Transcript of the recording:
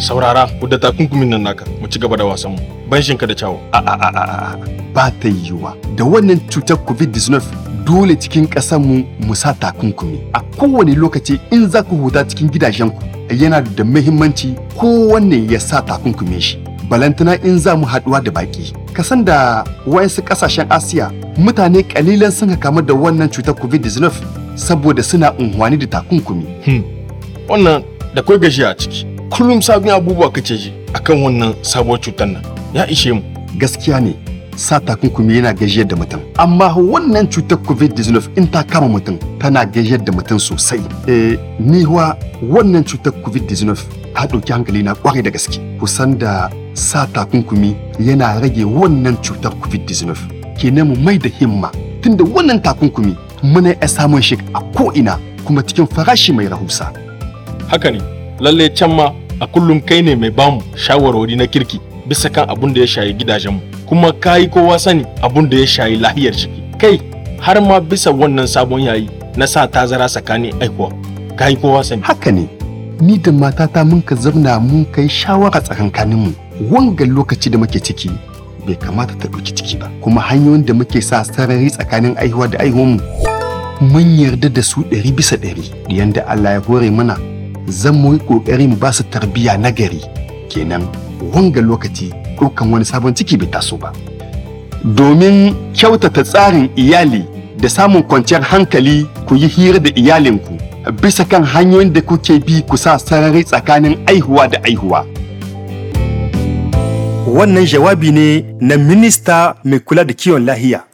saurara da takunkumin nan naka mu ci gaba da wasan mu ban shinka da cawo a a a a ba ta yiwa da wannan cutar covid-19 dole cikin ƙasar mu mu sa takunkumi a kowane lokaci in za ku huta cikin gidajenku yana da muhimmanci wannan ya sa takunkumi shi balantana in za mu haduwa da baki kasan da wayansu kasashen asiya mutane kalilan sun kamu da wannan cutar covid-19 saboda suna unhwani da takunkumi hmm. wannan da kai gashi a ciki kullum sabin abubuwa kace shi akan wannan sabuwar cutar nan ya ishe mu gaskiya ne sa takunkumi yana gajiyar da mutum amma wannan cutar covid-19 in ta kama mutum tana gajiyar da mutum sosai eh ni wa wannan cutar covid-19 ta ɗauki hankali na kware da gaske kusan da sa takunkumi yana rage wannan cutar covid-19 kenan mu mai da himma tunda wannan takunkumi muna iya samun shi a ko'ina kuma cikin farashi mai rahusa haka ne lalle can ma a kullum kai ne mai bamu shawarwari na kirki bisa kan abun da ya shayi gidajenmu kuma ka yi kowa sani abun da ya shayi lahiyar ciki kai har ma bisa wannan sabon yayi na sa tazara tsakanin aikuwa ka yi kowa sani haka ne ni da matata mun ka zamna mun kai shawara tsakankaninmu Wanga lokaci da muke ciki bai kamata ta ɗauki ciki ba kuma hanyoyin da muke sa sarari tsakanin aihuwa da aihuwanmu mun yarda da su ɗari bisa ɗari yanda Allah ya hore mana zan mu ƙoƙarin ba su tarbiyya na gari kenan wanga lokaci ɗaukan wani sabon ciki bai taso ba domin kyautata tsarin iyali da samun kwanciyar hankali ku yi hira da iyalinku bisa kan hanyoyin da kuke bi ku sa sarari tsakanin aihuwa da aihuwa wannan jawabi ne na minista mai kula da kiwon lahiya